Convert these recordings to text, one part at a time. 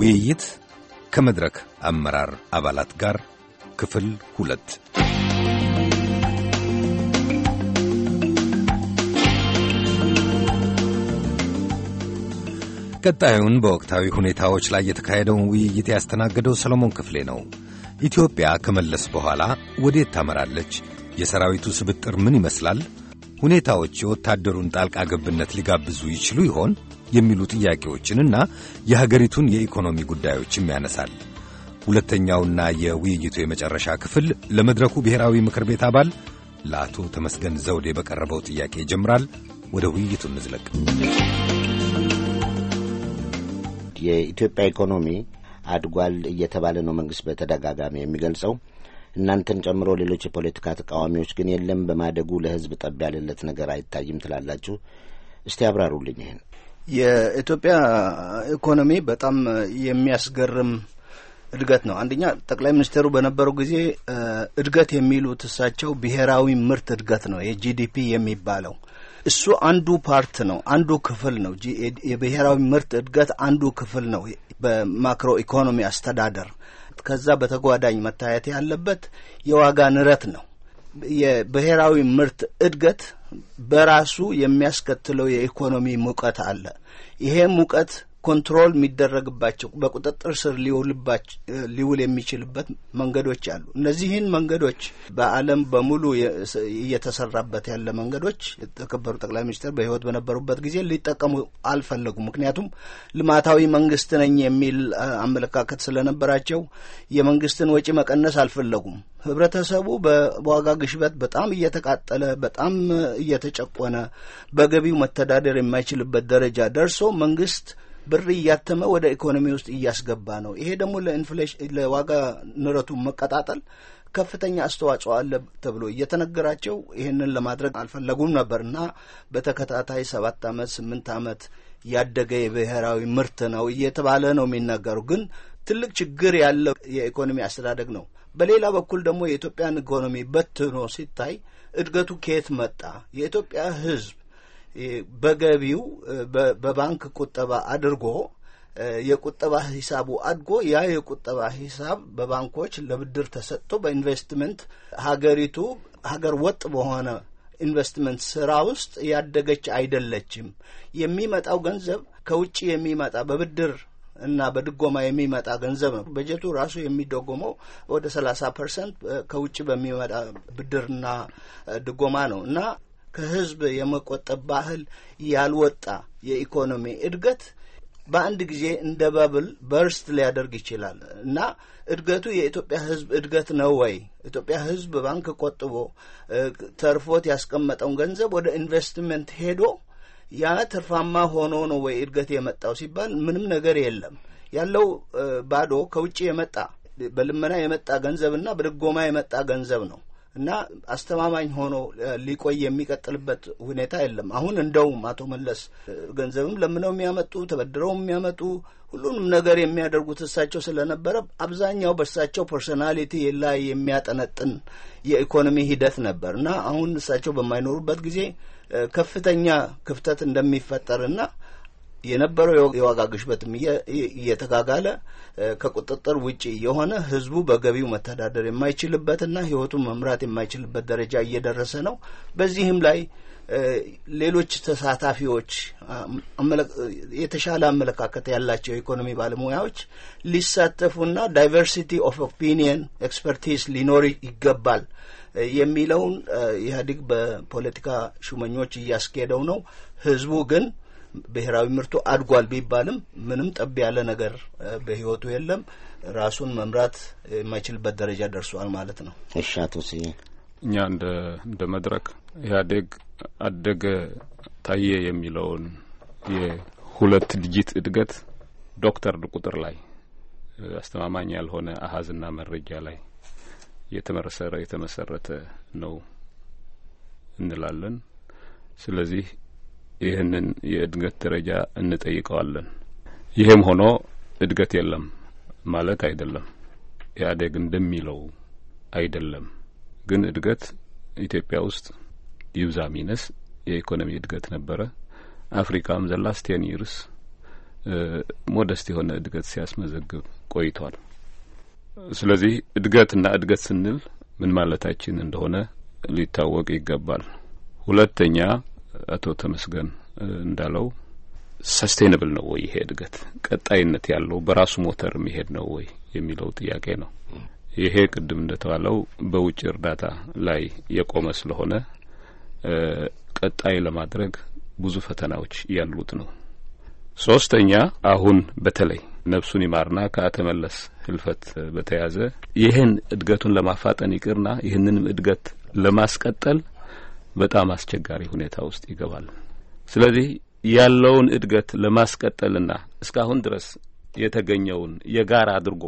ውይይት ከመድረክ አመራር አባላት ጋር ክፍል ሁለት። ቀጣዩን በወቅታዊ ሁኔታዎች ላይ የተካሄደውን ውይይት ያስተናገደው ሰሎሞን ክፍሌ ነው። ኢትዮጵያ ከመለስ በኋላ ወዴት ታመራለች? የሰራዊቱ ስብጥር ምን ይመስላል? ሁኔታዎች የወታደሩን ጣልቃ ገብነት ሊጋብዙ ይችሉ ይሆን የሚሉ ጥያቄዎችንና የሀገሪቱን የኢኮኖሚ ጉዳዮችም ያነሳል። ሁለተኛውና የውይይቱ የመጨረሻ ክፍል ለመድረኩ ብሔራዊ ምክር ቤት አባል ለአቶ ተመስገን ዘውዴ በቀረበው ጥያቄ ይጀምራል። ወደ ውይይቱ እንዝለቅ። የኢትዮጵያ ኢኮኖሚ አድጓል እየተባለ ነው መንግስት በተደጋጋሚ የሚገልጸው እናንተን ጨምሮ ሌሎች የፖለቲካ ተቃዋሚዎች ግን የለም በማደጉ ለህዝብ ጠብ ያለለት ነገር አይታይም ትላላችሁ። እስቲ አብራሩልኝ ይህን። የኢትዮጵያ ኢኮኖሚ በጣም የሚያስገርም እድገት ነው። አንደኛ ጠቅላይ ሚኒስትሩ በነበሩ ጊዜ እድገት የሚሉት እሳቸው ብሔራዊ ምርት እድገት ነው የጂዲፒ የሚባለው እሱ አንዱ ፓርት ነው፣ አንዱ ክፍል ነው። የብሔራዊ ምርት እድገት አንዱ ክፍል ነው በማክሮ ኢኮኖሚ አስተዳደር ከዛ በተጓዳኝ መታየት ያለበት የዋጋ ንረት ነው። የብሔራዊ ምርት እድገት በራሱ የሚያስከትለው የኢኮኖሚ ሙቀት አለ። ይሄ ሙቀት ኮንትሮል የሚደረግባቸው በቁጥጥር ስር ሊውል የሚችልበት መንገዶች አሉ። እነዚህን መንገዶች በዓለም በሙሉ እየተሰራበት ያለ መንገዶች የተከበሩ ጠቅላይ ሚኒስትር በህይወት በነበሩበት ጊዜ ሊጠቀሙ አልፈለጉም። ምክንያቱም ልማታዊ መንግስት ነኝ የሚል አመለካከት ስለነበራቸው የመንግስትን ወጪ መቀነስ አልፈለጉም። ህብረተሰቡ በዋጋ ግሽበት በጣም እየተቃጠለ በጣም እየተጨቆነ በገቢው መተዳደር የማይችልበት ደረጃ ደርሶ መንግስት ብር እያተመ ወደ ኢኮኖሚ ውስጥ እያስገባ ነው። ይሄ ደግሞ ለኢንፍሌሽን ለዋጋ ንረቱ መቀጣጠል ከፍተኛ አስተዋጽኦ አለ ተብሎ እየተነገራቸው ይህንን ለማድረግ አልፈለጉም ነበር እና በተከታታይ ሰባት አመት ስምንት አመት ያደገ የብሔራዊ ምርት ነው እየተባለ ነው የሚነገሩ ግን ትልቅ ችግር ያለው የኢኮኖሚ አስተዳደግ ነው። በሌላ በኩል ደግሞ የኢትዮጵያን ኢኮኖሚ በትኖ ሲታይ እድገቱ ከየት መጣ? የኢትዮጵያ ሕዝብ በገቢው በባንክ ቁጠባ አድርጎ የቁጠባ ሂሳቡ አድጎ ያ የቁጠባ ሂሳብ በባንኮች ለብድር ተሰጥቶ በኢንቨስትመንት ሀገሪቱ ሀገር ወጥ በሆነ ኢንቨስትመንት ስራ ውስጥ ያደገች አይደለችም። የሚመጣው ገንዘብ ከውጭ የሚመጣ በብድር እና በድጎማ የሚመጣ ገንዘብ ነው። በጀቱ ራሱ የሚደጎመው ወደ ሰላሳ ፐርሰንት ከውጭ በሚመጣ ብድርና ድጎማ ነው እና ከህዝብ የመቆጠብ ባህል ያልወጣ የኢኮኖሚ እድገት በአንድ ጊዜ እንደ ባብል በርስት ሊያደርግ ይችላል እና እድገቱ የኢትዮጵያ ህዝብ እድገት ነው ወይ? ኢትዮጵያ ህዝብ ባንክ ቆጥቦ ተርፎት ያስቀመጠውን ገንዘብ ወደ ኢንቨስትመንት ሄዶ ያ ትርፋማ ሆኖ ነው ወይ እድገት የመጣው ሲባል ምንም ነገር የለም። ያለው ባዶ ከውጭ የመጣ በልመና የመጣ ገንዘብና በድጎማ የመጣ ገንዘብ ነው። እና አስተማማኝ ሆኖ ሊቆይ የሚቀጥልበት ሁኔታ የለም። አሁን እንደውም አቶ መለስ ገንዘብም ለምነው የሚያመጡ ተበድረው የሚያመጡ ሁሉንም ነገር የሚያደርጉት እሳቸው ስለነበረ አብዛኛው በእሳቸው ፐርሶናሊቲ ላይ የሚያጠነጥን የኢኮኖሚ ሂደት ነበር እና አሁን እሳቸው በማይኖሩበት ጊዜ ከፍተኛ ክፍተት እንደሚፈጠርና የነበረው የዋጋ ግሽበትም እየተጋጋለ ከቁጥጥር ውጪ የሆነ ህዝቡ በገቢው መተዳደር የማይችልበትና ህይወቱን መምራት የማይችልበት ደረጃ እየደረሰ ነው። በዚህም ላይ ሌሎች ተሳታፊዎች የተሻለ አመለካከት ያላቸው የኢኮኖሚ ባለሙያዎች ሊሳተፉና ዳይቨርሲቲ ኦፍ ኦፒኒየን ኤክስፐርቲስ ሊኖር ይገባል የሚለውን ኢህአዴግ በፖለቲካ ሹመኞች እያስኬደው ነው። ህዝቡ ግን ብሔራዊ ምርቱ አድጓል ቢባልም ምንም ጠብ ያለ ነገር በህይወቱ የለም። ራሱን መምራት የማይችልበት ደረጃ ደርሷል ማለት ነው። እሺ አቶ ስዬ፣ እኛ እንደ እንደ መድረክ ኢህአዴግ አደገ ታየ የሚለውን የሁለት ዲጂት እድገት ዶክተር ቁጥር ላይ አስተማማኝ ያልሆነ አሀዝና መረጃ ላይ የተመሰረተ ነው እንላለን። ስለዚህ ይህንን የእድገት ደረጃ እንጠይቀዋለን። ይህም ሆኖ እድገት የለም ማለት አይደለም። ኢህአዴግ እንደሚለው አይደለም። ግን እድገት ኢትዮጵያ ውስጥ ይብዛ ሚነስ የኢኮኖሚ እድገት ነበረ። አፍሪካም ዘላስት ቴን ይርስ ሞደስት የሆነ እድገት ሲያስመዘግብ ቆይቷል። ስለዚህ እድገትና እድገት ስንል ምን ማለታችን እንደሆነ ሊታወቅ ይገባል። ሁለተኛ አቶ ተመስገን እንዳለው ሰስቴንብል ነው ወይ ይሄ እድገት ቀጣይነት ያለው በራሱ ሞተር የሚሄድ ነው ወይ የሚለው ጥያቄ ነው። ይሄ ቅድም እንደተባለው በውጭ እርዳታ ላይ የቆመ ስለሆነ ቀጣይ ለማድረግ ብዙ ፈተናዎች ያሉት ነው። ሶስተኛ አሁን በተለይ ነፍሱን ይማርና ከአቶ መለስ ህልፈት በተያዘ ይህን እድገቱን ለማፋጠን ይቅርና ይህንንም እድገት ለማስቀጠል በጣም አስቸጋሪ ሁኔታ ውስጥ ይገባል ስለዚህ ያለውን እድገት ለማስቀጠልና እስካሁን ድረስ የተገኘውን የጋራ አድርጎ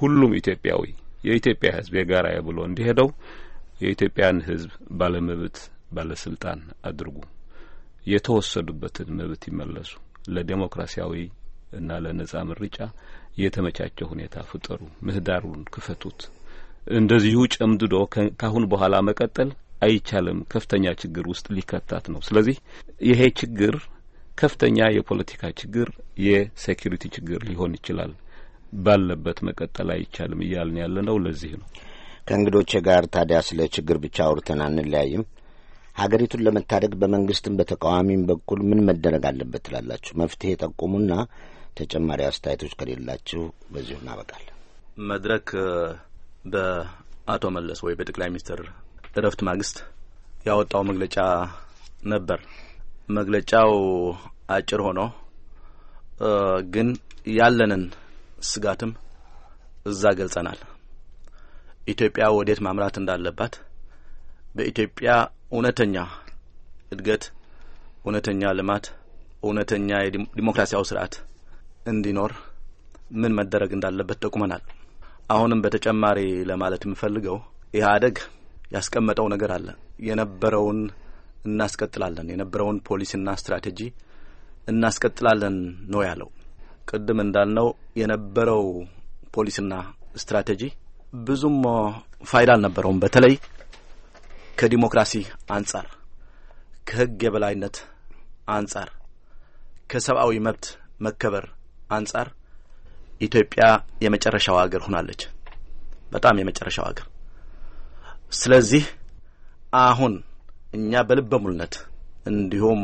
ሁሉም ኢትዮጵያዊ የኢትዮጵያ ሕዝብ የጋራ ብሎ እንዲሄደው የኢትዮጵያን ሕዝብ ባለመብት ባለስልጣን አድርጉ። የተወሰዱበትን መብት ይመለሱ። ለዴሞክራሲያዊ እና ለነጻ ምርጫ የተመቻቸ ሁኔታ ፍጠሩ። ምህዳሩን ክፈቱት። እንደዚሁ ጨምድዶ ካሁን በኋላ መቀጠል አይቻልም። ከፍተኛ ችግር ውስጥ ሊከታት ነው። ስለዚህ ይሄ ችግር ከፍተኛ የፖለቲካ ችግር፣ የሴኪሪቲ ችግር ሊሆን ይችላል። ባለበት መቀጠል አይቻልም እያልን ያለ ነው። ለዚህ ነው ከእንግዶቼ ጋር ታዲያ ስለ ችግር ብቻ አውርተን አንለያይም። ሀገሪቱን ለመታደግ በመንግስትም በተቃዋሚም በኩል ምን መደረግ አለበት ትላላችሁ? መፍትሄ ጠቁሙና ተጨማሪ አስተያየቶች ከሌላችሁ በዚሁ እናበቃለን። መድረክ በአቶ መለስ ወይ በጠቅላይ ሚኒስትር እረፍት ማግስት ያወጣው መግለጫ ነበር። መግለጫው አጭር ሆኖ ግን ያለንን ስጋትም እዛ ገልጸናል። ኢትዮጵያ ወዴት ማምራት እንዳለባት በኢትዮጵያ እውነተኛ እድገት፣ እውነተኛ ልማት፣ እውነተኛ የዲሞክራሲያዊ ስርዓት እንዲኖር ምን መደረግ እንዳለበት ጠቁመናል። አሁንም በተጨማሪ ለማለት የምፈልገው ኢህአዴግ ያስቀመጠው ነገር አለ። የነበረውን እናስቀጥላለን፣ የነበረውን ፖሊሲና ስትራቴጂ እናስቀጥላለን ነው ያለው። ቅድም እንዳልነው የነበረው ፖሊሲና ስትራቴጂ ብዙም ፋይዳ አልነበረውም። በተለይ ከዲሞክራሲ አንጻር፣ ከህግ የበላይነት አንጻር፣ ከሰብአዊ መብት መከበር አንጻር ኢትዮጵያ የመጨረሻው ሀገር ሆናለች። በጣም የመጨረሻው ሀገር ስለዚህ አሁን እኛ በልበ ሙልነት እንዲሁም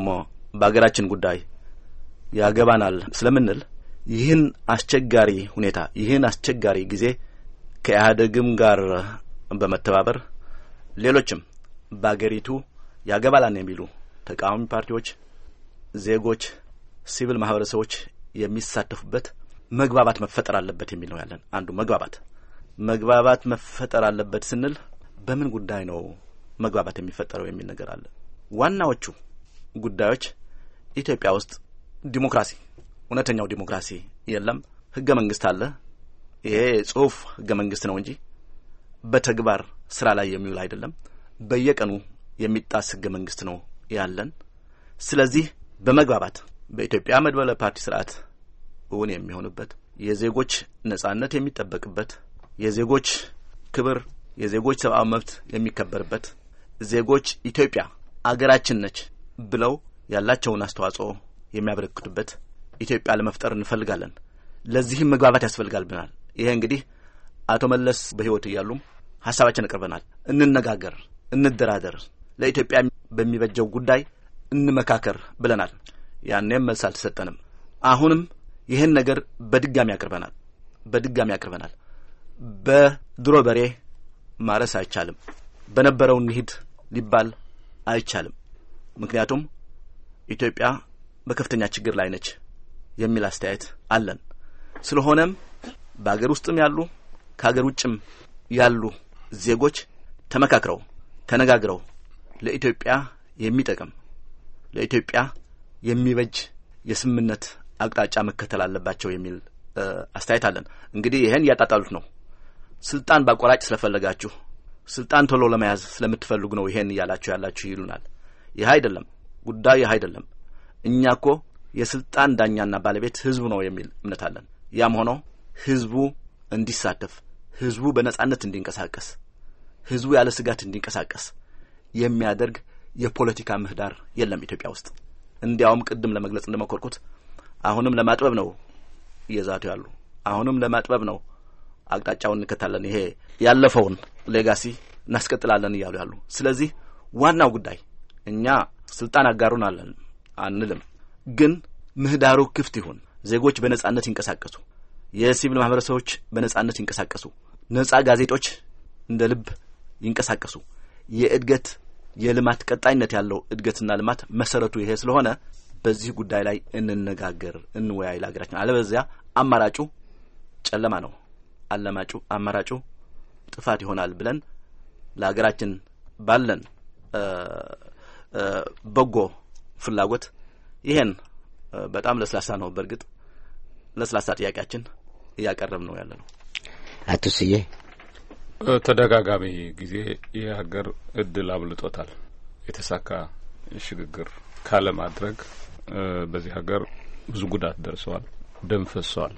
በሀገራችን ጉዳይ ያገባናል ስለምንል ይህን አስቸጋሪ ሁኔታ ይህን አስቸጋሪ ጊዜ ከኢህአዴግም ጋር በመተባበር ሌሎችም በአገሪቱ ያገባላን የሚሉ ተቃዋሚ ፓርቲዎች፣ ዜጎች፣ ሲቪል ማህበረሰቦች የሚሳተፉበት መግባባት መፈጠር አለበት የሚል ነው ያለን አንዱ መግባባት መግባባት መፈጠር አለበት ስንል በምን ጉዳይ ነው መግባባት የሚፈጠረው የሚል ነገር አለ። ዋናዎቹ ጉዳዮች ኢትዮጵያ ውስጥ ዲሞክራሲ፣ እውነተኛው ዲሞክራሲ የለም። ህገ መንግስት አለ። ይሄ ጽሁፍ ህገ መንግስት ነው እንጂ በተግባር ስራ ላይ የሚውል አይደለም። በየቀኑ የሚጣስ ህገ መንግስት ነው ያለን። ስለዚህ በመግባባት በኢትዮጵያ መድበለ ፓርቲ ስርዓት እውን የሚሆንበት የዜጎች ነጻነት የሚጠበቅበት የዜጎች ክብር የዜጎች ሰብአዊ መብት የሚከበርበት ዜጎች ኢትዮጵያ አገራችን ነች ብለው ያላቸውን አስተዋጽኦ የሚያበረክቱበት ኢትዮጵያ ለመፍጠር እንፈልጋለን። ለዚህም መግባባት ያስፈልጋል ብናል። ይሄ እንግዲህ አቶ መለስ በህይወት እያሉም ሀሳባችን አቅርበናል። እንነጋገር፣ እንደራደር፣ ለኢትዮጵያ በሚበጀው ጉዳይ እንመካከር ብለናል። ያኔም መልስ አልተሰጠንም። አሁንም ይህን ነገር በድጋሚ አቅርበናል በድጋሚ አቅርበናል። በድሮ በሬ ማረስ አይቻልም። በነበረው እንሂድ ሊባል አይቻልም። ምክንያቱም ኢትዮጵያ በከፍተኛ ችግር ላይ ነች የሚል አስተያየት አለን። ስለሆነም በሀገር ውስጥም ያሉ ከሀገር ውጭም ያሉ ዜጎች ተመካክረው ተነጋግረው ለኢትዮጵያ የሚጠቅም ለኢትዮጵያ የሚበጅ የስምምነት አቅጣጫ መከተል አለባቸው የሚል አስተያየት አለን። እንግዲህ ይህን እያጣጣሉት ነው። ስልጣን በአቋራጭ ስለፈለጋችሁ ስልጣን ቶሎ ለመያዝ ስለምትፈልጉ ነው ይሄን እያላችሁ ያላችሁ ይሉናል። ይህ አይደለም ጉዳዩ፣ ይህ አይደለም። እኛ እኮ የስልጣን ዳኛና ባለቤት ህዝቡ ነው የሚል እምነት አለን። ያም ሆኖ ህዝቡ እንዲሳተፍ፣ ህዝቡ በነጻነት እንዲንቀሳቀስ፣ ህዝቡ ያለ ስጋት እንዲንቀሳቀስ የሚያደርግ የፖለቲካ ምህዳር የለም ኢትዮጵያ ውስጥ። እንዲያውም ቅድም ለመግለጽ እንደሞከርኩት አሁንም ለማጥበብ ነው እየዛቱ ያሉ፣ አሁንም ለማጥበብ ነው አቅጣጫውን እንከታለን። ይሄ ያለፈውን ሌጋሲ እናስቀጥላለን እያሉ ያሉ። ስለዚህ ዋናው ጉዳይ እኛ ስልጣን አጋሩን አለን አንልም፣ ግን ምህዳሩ ክፍት ይሁን፣ ዜጎች በነጻነት ይንቀሳቀሱ፣ የሲቪል ማህበረሰቦች በነጻነት ይንቀሳቀሱ፣ ነጻ ጋዜጦች እንደ ልብ ይንቀሳቀሱ። የእድገት የልማት ቀጣይነት ያለው እድገትና ልማት መሰረቱ ይሄ ስለሆነ በዚህ ጉዳይ ላይ እንነጋገር፣ እንወያይ ለሀገራችን። አለበዚያ አማራጩ ጨለማ ነው። አለማጩ አማራጩ ጥፋት ይሆናል ብለን ለሀገራችን ባለን በጎ ፍላጎት ይሄን በጣም ለስላሳ ነው፣ በእርግጥ ለስላሳ ጥያቄያችን እያቀረብ ነው ያለ ነው። አቶ ስዬ ተደጋጋሚ ጊዜ የሀገር እድል አብልጦታል። የተሳካ ሽግግር ካለማድረግ በዚህ ሀገር ብዙ ጉዳት ደርሰዋል፣ ደም ፈሰዋል።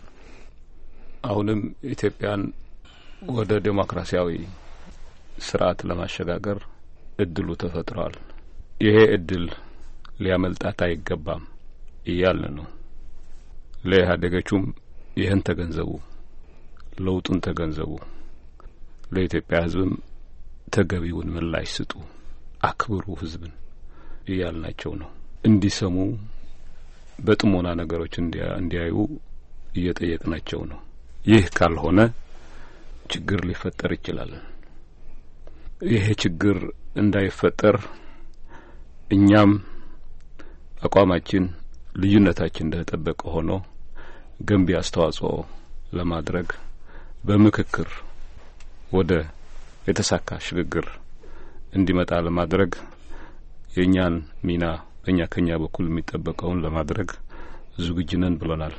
አሁንም ኢትዮጵያን ወደ ዴሞክራሲያዊ ስርዓት ለማሸጋገር እድሉ ተፈጥሯል። ይሄ እድል ሊያመልጣት አይገባም እያልን ነው። ለኢህአዴጎቹም ይህን ተገንዘቡ፣ ለውጡን ተገንዘቡ፣ ለኢትዮጵያ ህዝብም ተገቢውን ምላሽ ስጡ፣ አክብሩ ህዝብን እያልናቸው ነው። እንዲሰሙ በጥሞና ነገሮች እንዲያዩ እየጠየቅናቸው ነው። ይህ ካልሆነ ችግር ሊፈጠር ይችላል። ይሄ ችግር እንዳይፈጠር እኛም አቋማችን፣ ልዩነታችን እንደተጠበቀ ሆኖ ገንቢ አስተዋጽኦ ለማድረግ በምክክር ወደ የተሳካ ሽግግር እንዲመጣ ለማድረግ የእኛን ሚና በእኛ ከኛ በኩል የሚጠበቀውን ለማድረግ ዝግጁ ነን ብለናል።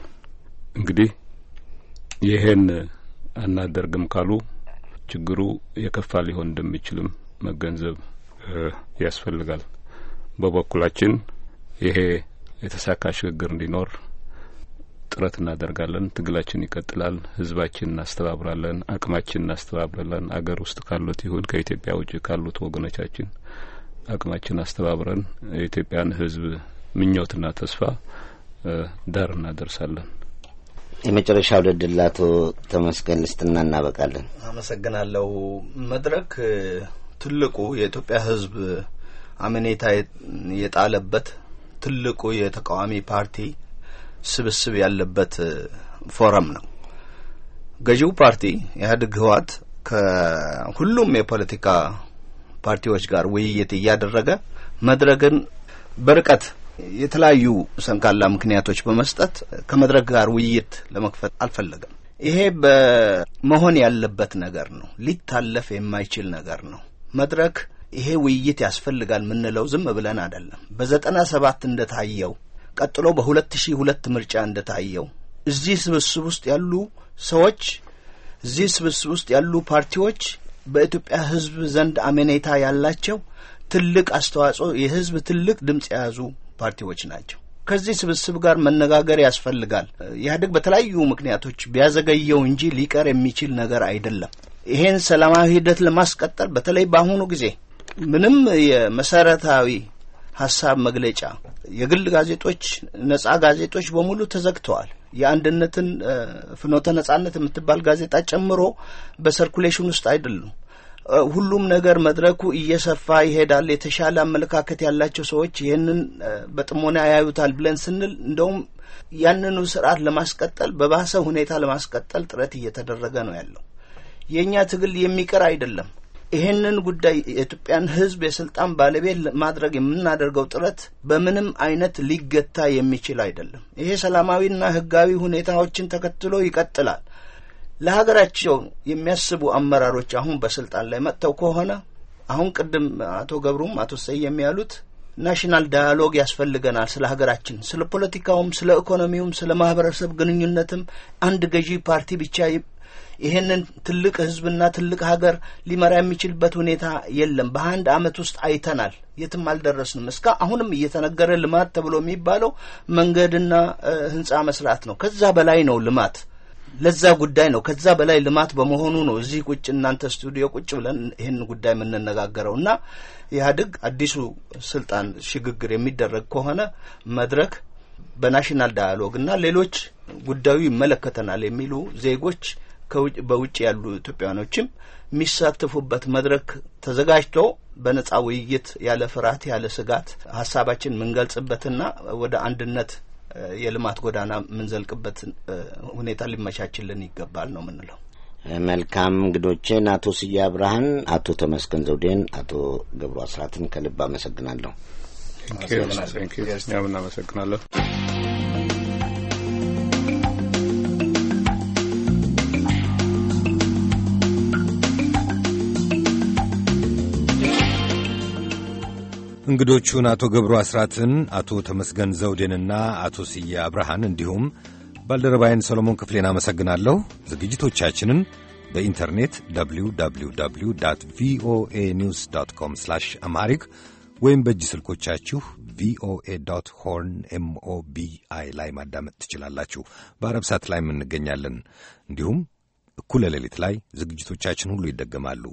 እንግዲህ ይሄን አናደርግም ካሉ ችግሩ የከፋ ሊሆን እንደሚችልም መገንዘብ ያስፈልጋል። በበኩላችን ይሄ የተሳካ ሽግግር እንዲኖር ጥረት እናደርጋለን። ትግላችን ይቀጥላል። ህዝባችን እናስተባብራለን። አቅማችን እናስተባብራለን። አገር ውስጥ ካሉት ይሁን ከኢትዮጵያ ውጭ ካሉት ወገኖቻችን አቅማችን አስተባብረን የኢትዮጵያን ህዝብ ምኞትና ተስፋ ዳር እናደርሳለን። የመጨረሻ ድድል አቶ ተመስገን ልስጥና እናበቃለን። አመሰግናለሁ። መድረክ ትልቁ የኢትዮጵያ ሕዝብ አመኔታ የጣለበት ትልቁ የተቃዋሚ ፓርቲ ስብስብ ያለበት ፎረም ነው። ገዢው ፓርቲ ኢህአዴግ ህወሓት ከሁሉም የፖለቲካ ፓርቲዎች ጋር ውይይት እያደረገ መድረክን በርቀት የተለያዩ ሰንካላ ምክንያቶች በመስጠት ከመድረክ ጋር ውይይት ለመክፈት አልፈለገም። ይሄ በመሆን ያለበት ነገር ነው። ሊታለፍ የማይችል ነገር ነው። መድረክ ይሄ ውይይት ያስፈልጋል የምንለው ዝም ብለን አይደለም። በዘጠና ሰባት እንደታየው ቀጥሎ በሁለት ሺህ ሁለት ምርጫ እንደታየው እዚህ ስብስብ ውስጥ ያሉ ሰዎች እዚህ ስብስብ ውስጥ ያሉ ፓርቲዎች በኢትዮጵያ ሕዝብ ዘንድ አመኔታ ያላቸው ትልቅ አስተዋጽኦ የሕዝብ ትልቅ ድምፅ የያዙ ፓርቲዎች ናቸው። ከዚህ ስብስብ ጋር መነጋገር ያስፈልጋል። ኢህአዴግ በተለያዩ ምክንያቶች ቢያዘገየው እንጂ ሊቀር የሚችል ነገር አይደለም። ይሄን ሰላማዊ ሂደት ለማስቀጠል በተለይ በአሁኑ ጊዜ ምንም የመሰረታዊ ሀሳብ መግለጫ የግል ጋዜጦች፣ ነጻ ጋዜጦች በሙሉ ተዘግተዋል። የአንድነትን ፍኖተ ነጻነት የምትባል ጋዜጣ ጨምሮ በሰርኩሌሽን ውስጥ አይደሉም። ሁሉም ነገር መድረኩ እየሰፋ ይሄዳል። የተሻለ አመለካከት ያላቸው ሰዎች ይህንን በጥሞና ያዩታል ብለን ስንል እንደውም ያንኑ ስርዓት ለማስቀጠል በባሰ ሁኔታ ለማስቀጠል ጥረት እየተደረገ ነው ያለው። የእኛ ትግል የሚቀር አይደለም። ይህንን ጉዳይ የኢትዮጵያን ሕዝብ የስልጣን ባለቤት ማድረግ የምናደርገው ጥረት በምንም አይነት ሊገታ የሚችል አይደለም። ይሄ ሰላማዊና ሕጋዊ ሁኔታዎችን ተከትሎ ይቀጥላል። ለሀገራቸው የሚያስቡ አመራሮች አሁን በስልጣን ላይ መጥተው ከሆነ አሁን ቅድም አቶ ገብሩም አቶ ሰየም ያሉት ናሽናል ዳያሎግ ያስፈልገናል። ስለ ሀገራችን፣ ስለ ፖለቲካውም፣ ስለ ኢኮኖሚውም፣ ስለ ማህበረሰብ ግንኙነትም አንድ ገዢ ፓርቲ ብቻ ይህንን ትልቅ ህዝብና ትልቅ ሀገር ሊመራ የሚችልበት ሁኔታ የለም። በአንድ አመት ውስጥ አይተናል። የትም አልደረስንም። እስካ አሁንም እየተነገረ ልማት ተብሎ የሚባለው መንገድና ህንጻ መስራት ነው። ከዛ በላይ ነው ልማት ለዛ ጉዳይ ነው። ከዛ በላይ ልማት በመሆኑ ነው እዚህ ቁጭ እናንተ ስቱዲዮ ቁጭ ብለን ይህን ጉዳይ የምንነጋገረው እና ኢህአዴግ አዲሱ ስልጣን ሽግግር የሚደረግ ከሆነ መድረክ በናሽናል ዳያሎግ እና ሌሎች ጉዳዩ ይመለከተናል የሚሉ ዜጎች በውጭ ያሉ ኢትዮጵያኖችም የሚሳተፉበት መድረክ ተዘጋጅቶ በነጻ ውይይት ያለ ፍርሃት ያለ ስጋት ሀሳባችን የምንገልጽበትና ወደ አንድነት የልማት ጎዳና የምንዘልቅበት ሁኔታ ሊመቻችልን ይገባል ነው የምንለው። መልካም እንግዶቼን አቶ ስዬ አብርሃን፣ አቶ ተመስገን ዘውዴን፣ አቶ ገብሩ አስራትን ከልብ አመሰግናለሁ። እናመሰግናለሁ። እንግዶቹን አቶ ገብሩ አስራትን፣ አቶ ተመስገን ዘውዴንና አቶ ስዬ አብርሃን እንዲሁም ባልደረባይን ሰሎሞን ክፍሌን አመሰግናለሁ። ዝግጅቶቻችንን በኢንተርኔት www ቪኦኤ ኒውስ ዶት ኮም ስላሽ አማሪክ ወይም በእጅ ስልኮቻችሁ ቪኦኤ ዶት ሆርን ኤምኦቢአይ ላይ ማዳመጥ ትችላላችሁ። በአረብ ሳት ላይም እንገኛለን። እንዲሁም እኩለ ሌሊት ላይ ዝግጅቶቻችን ሁሉ ይደገማሉ።